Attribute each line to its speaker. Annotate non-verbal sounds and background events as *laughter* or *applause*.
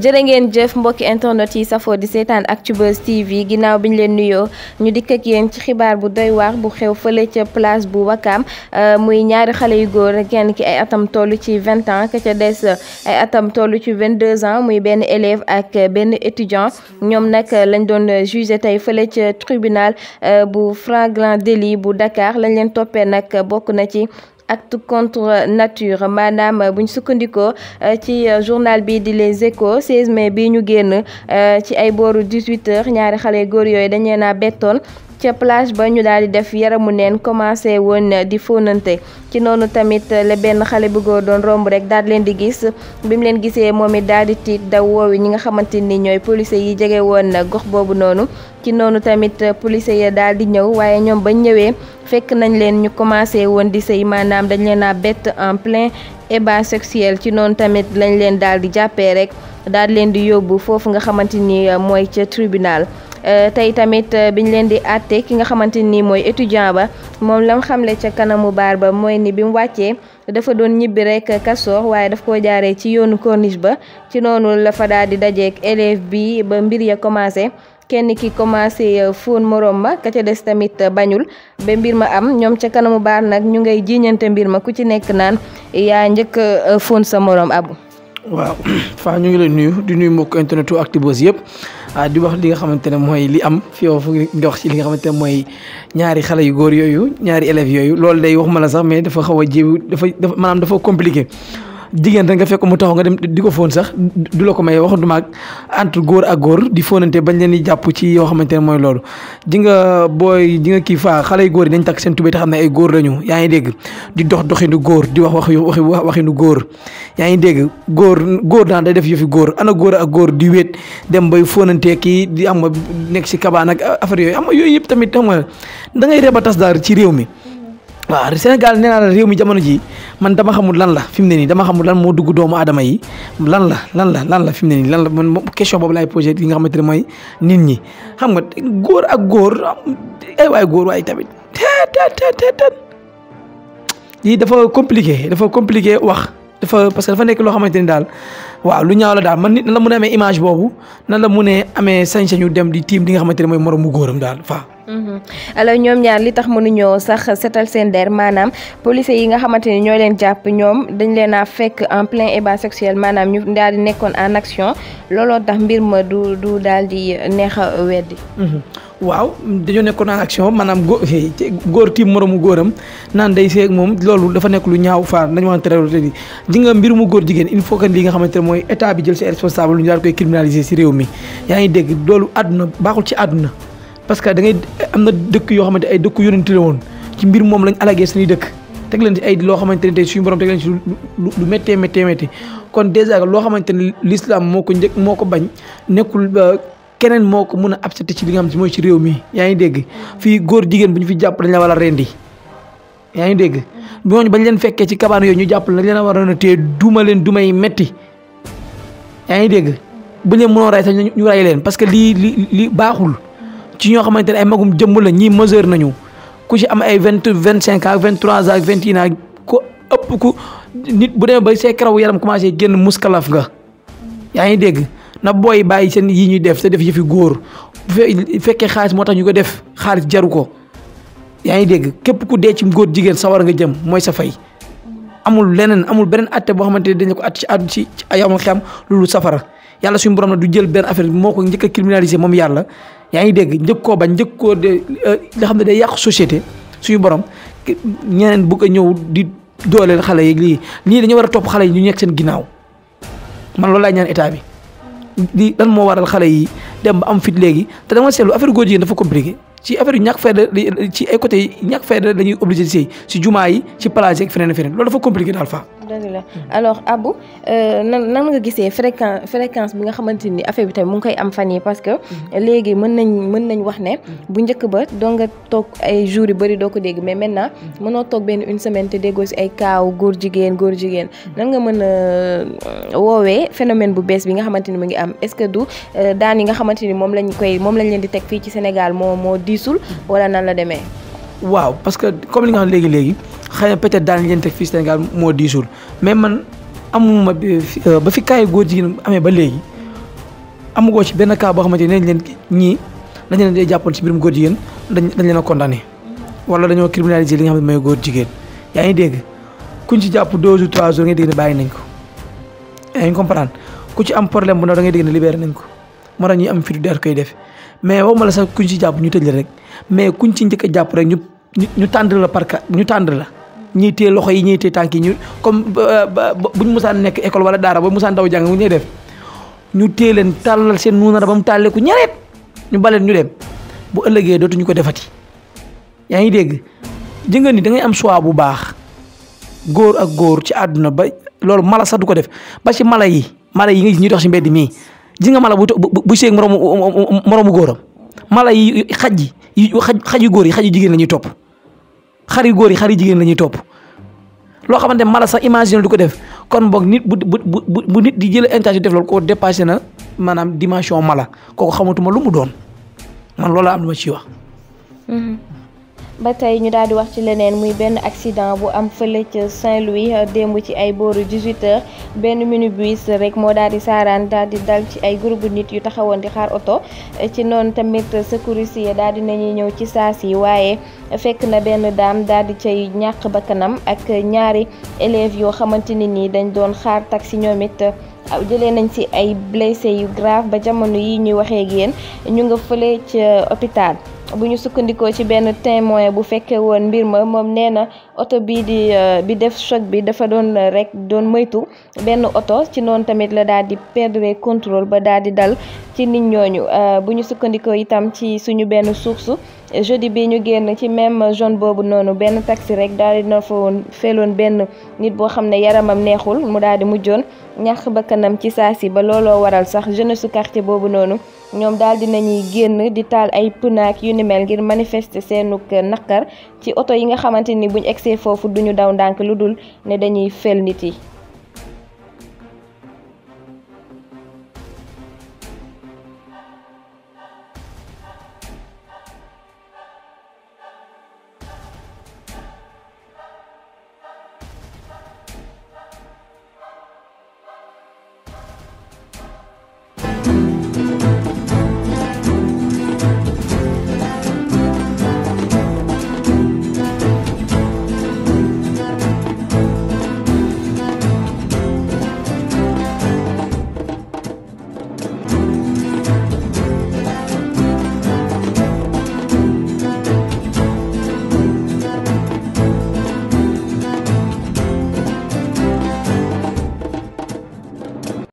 Speaker 1: jërë ngeen jëf mbokki internet yi safoo di seetaan Actubuzz TV ginnaaw bi ñu leen nuyoo ñu dikk ak yéen ci xibaar bu doy waar bu xew fële ca place bu Wakaam euh, muy ñaari xale yu góor kenn ki ay atam toll ci vingt ans ka des euh, ay atam toll ci vingt deux ans muy benn élève ak euh, benn étudiant ñoom nag lañ doon jugé tey fële ca tribunal bu flagrant délit bu Dakar lañ leen toppee nag bokk na ci acte contre nature maanaam buñ sukkandikoo euh, ci euh, journal bi di les échos 16 mai bi ñu génn euh, ci ay booru 18 heures ñaari xale góor yooyu dañee naa bettoon ca plage ba ñu daal di def yaramu neen commencé woon di fonante ci noonu tamit la benn xale bu góor doon romb rek daal di leen di gis bi mu leen gisee moom it daal di tiit daw woowi ñi nga xamante ni ñooy police yi jege woon na gox boobu noonu ci noonu tamit police yi daal di ñëw waaye ñoom bañ ñëwee fekk nañ leen ñu commencé woon di sëy maanaam dañu leen a bett en plein ébat sexuel ci noonu tamit lañ leen daal di jàppee rek daal di leen di yóbbu foofu nga xamante ni mooy ca tribunal Euh, tey tamit euh, biñ leen di àtte ki nga xamante ni mooy étudiant ba moom lam xamle ca kanamu baar ba mooy ni bi mu wàccee dafa doon ñibbi rek kaso waaye daf ko jaaree ci yoonu corniche ba ci noonu la fa daal di dajeek élève bi ba mbir ya commencé kenn ki commencé euh, fóon morom ma ka ca des tamit bañul ba mbir ma am ñoom ca kanamu baar nag ñu ngay jiiñante mbir ma ku ci nekk naan yaa njëkk fóon sa morom abu
Speaker 2: waaw *clears throat* fa ñu ngi lay nuyu di nuyu mbokk internet u Actubuzz yëpp ah, di wax li nga xamante ne mooy li am fi yow fu di wax ci li nga xamante ne mooy ñaari xale yu góor yooyu ñaari élèves yooyu loolu day wax ma la sax mais dafa xaw a jiw dafa dafa maanaam dafa compliqué jigéen rek nga fekk mu taxaw nga dem di ko foon sax du la ko may waxatuma ak entre góor a góor di foonante bañ leen di jàpp ci yoo xamante ne mooy loolu ji nga booy ji nga kii faa xale góor dañ takk seen tubéy te xam ne ay góor lañu yaa ngi dégg di dox doxinu góor di wax wax waxi waxinu góor yaa ngi dégg góor góor daan day def yëfi góor ana góor a góor di wéet dem bay foonante kii di am nekk si kabaan ak affaire yooyu am yooyu yëpp tamit xam nga da ngay tas daal ci réew mi waaw Sénégal nee naa réew mi jamono ji man dama xamul lan la fi mu ne nii dama xamul lan moo dugg doomu aadama yi lan la lan la lan la fi mu ne lan la man question boobu laay posé yi nga xamante ne nit ñi xam nga góor ak góor ay góor waay tamit lii dafa compliqué dafa compliqué wax dafa parce que dafa nekk loo xamante ni daal waaw lu ñaaw la daal man nit la mun amee image boobu nan la mun a amee sañ-sañu dem di tiim li nga xamante ne mu moromu góoram daal fa
Speaker 1: Mhm. alors ñoom ñaar li tax mënuñoo sax setal sender maanaam policiers yi nga xamante ni ñoo leen jàpp ñoom dañ leen a fekk en plein ébat sexuel maanaam ñu daal di nekkoon en action looloo tax mbir ma du du daal di neex a weddi.
Speaker 2: Mhm. waaw dañoo nekkoon en action maanaam góor *laughs* góor tiim moroomu góoram naan day seeg moom loolu dafa nekk lu ñaaw faar nañu wax te ni ji nga mbir mu góor jigéen il faut que li nga xamante ne mooy état bi jël ses responsable lu ñu daal koy criminaliser si réew mi yaa ngi dégg loolu àdduna baaxul ci àdduna. parce que da ngay am na dëkk yoo xamante ay dëkk yonent la woon ci mbir moom lañ alagee suñuy dëkk teg leen ay loo xamante ne tey suñu borom teg leen ci kon dèjà loo xamante ne l'islam moo ko moo ko bañ nekkul keneen moo ko mën a accepté ci li nga xam ne mooy ci réew mi yaa ngi dégg fii góor jigéen bu ñu fi jàpp dañ la war a rendi yaa ngi dégg boo ñu bañ leen fekkee ci kabaan yooyu ñu jàpp dañ leen a war a téye duma leen duma yi metti yaa ngi dégg bu leen mënoo ray sax ñu ray leen parce que lii li li baaxul ci ñoo xamante ne ay magum jëmm la ñii mesure nañu ku ci am ay vingt vingt cinq ak vingt trois ak vingt un ak ku ëpp ku nit bu demee ba see karaw yaram commencé génn muskalaf nga yaa ngi dégg na booy bàyyi seen yi ñuy def te def yëfi góor bu fekkee xaalis moo tax ñu ko def xaalis jaru ko yaa ngi dégg képp ku dee ci góor jigéen sawar nga jëm mooy sa fay amul leneen amul beneen atte boo xamante ne dañ ko at ci àddu ci ci ay am xam safara yàlla suñu borom na du jël benn affaire moo ko njëkk a moom yàlla yaa ngi dégg njëkk koo ba njëkk koo de eh, nga xam ne day yàq société suñu borom ñeneen bu ko ñëw di dooleel xale yi lii nii dañu war a topp xale yi ñu nekk seen ginnaaw man loolu laay ñaan état bi di lan moo waral xale yi dem ba am fit léegi te dama seetlu affaire góor jigéen dafa compliqué. ci affaire yu ñàkk fayda ci ay côté yi ñàkk fayda dañuy obligé sëy si jumaa yi ci place yi ak feneen feneen loolu dafa compliqué daal faa.
Speaker 1: dëgg la euh, nan nan nga gisee fréquence fréquence bi nga xamante ni affaire bi tamit mu ngi koy am fan yi parce que mm-hmm. léegi mën nañ mën nañ wax ne bu njëkk ba doo nga toog ay jours yu bëri doo ko dégg mais maintenant mm-hmm. mënoo toog benn une semaine te déggoo si ay kaaw góor jigéen góor jigéen mm-hmm. nan nga mën a euh, woowee phénomène bu bees bi nga xamante ni mu ngi am est-ce que du euh, daan yi nga ni moom lañ koy moom lañ leen di teg fii ci Sénégal moo moo di diisul wala nan la demee.
Speaker 2: waaw parce que comme li nga xam léegi léegi xëy na peut-être daan leen teg fii Sénégal moo diisul mais man amuma euh, ba fi kaayu góor jigéen amee ba léegi amugoo ci benn cas boo xamante ne dañ leen ñii dañ leen day jàppoon ci mbirum góor jigéen dañ dañ leen a condamné wala dañoo criminaliser li nga xam ne mooy góor jigéen yaa ngi dégg kuñ ci jàpp deux ou trois jours nga dégg ne bàyyi nañ ko yaa ngi comprendre ku ci am problème bu ndaw da ngay dégg ne libéré nañ moo tax ñuy am fitu daal koy def mais waxuma la sax kuñ ci jàpp ñu tëj la rek mais kuñ ci njëkk jàpp rek ñu ñu tànd la parka ñu tànd la ñiy téye loxo yi ñiy téye tànk yi ñu comme euh, buñ mosaan nekk école wala daara ba mosaan daw jàng bu ñuy def ñu téye leen tàllal seen nuunara ba mu tàlleeku ñareet ñu baleen ñu dem bu ëllëgee dootuñu ko defati yaa ngi dégg jënga ni da ngay am choix bu baax góor ak góor ci àdduna ba loolu mala sax du ko def ba ci mala yi mala yi nga gis ñuy dox si mbedd mii ji nga mala bu bu seeg moromu moromu góoram mala yi xaj yi xaj yu góor yi xaj yu jigéen la ñuy topp xar yu góor yi xar yu jigéen la ñuy topp loo xamante mala sax imagine du ko def kon boog nit bu bu bu nit di jël intention def loolu koo dépassé na maanaam dimension mala kooku xamatuma lu mu doon man loolu am lu ma ciy wax.
Speaker 1: Mm-hmm. ba tey ñu daal di wax ci leneen muy benn accident bu am fële ca Saint-Louis euh, démb ci ay booru 18h benn minibus rek moo daal di saaraan daal di dal ci ay groupe nit yu taxawoon di xaar oto euh, ci noonu tamit secouriste yi daal di nañu ñëw ci saas yi waaye fekk na benn daam daal di cay ñàkk bakkanam ak ñaari élèves yoo xamante ni nii dañ doon xaar taxi ñoom it jëlee nañ ci ay blessé yu grave ba jamono yi ñuy waxee ak yéen ñu nga fële ca hôpital. bu ñu sukkandikoo ci benn témoin bu fekkee woon mbir ma moom nee na oto bii di euh, bi def choc bi dafa doon euh, rek doon moytu benn oto ci noonu tamit la daal di perdre contrôle ba daal di dal ci nit ñooñu euh, bu ñu sukkandikoo itam ci suñu benn source jeudi bi ñu génn ci même zone boobu noonu benn taxi rek daal di na fa woon benn nit boo xam ne yaramam neexul mu daal di mujjoon ñàkk bakkanam ci saa si ba looloo waral sax jeunesse su quartier boobu noonu ñoom daal di nañuy génn di taal ay punaak yu ni mel ngir manifester seenug naqar ci oto yi nga xamante ni buñ egsee foofu duñu daw ndànk lu dul ne dañuy fel nit yi. Thank you.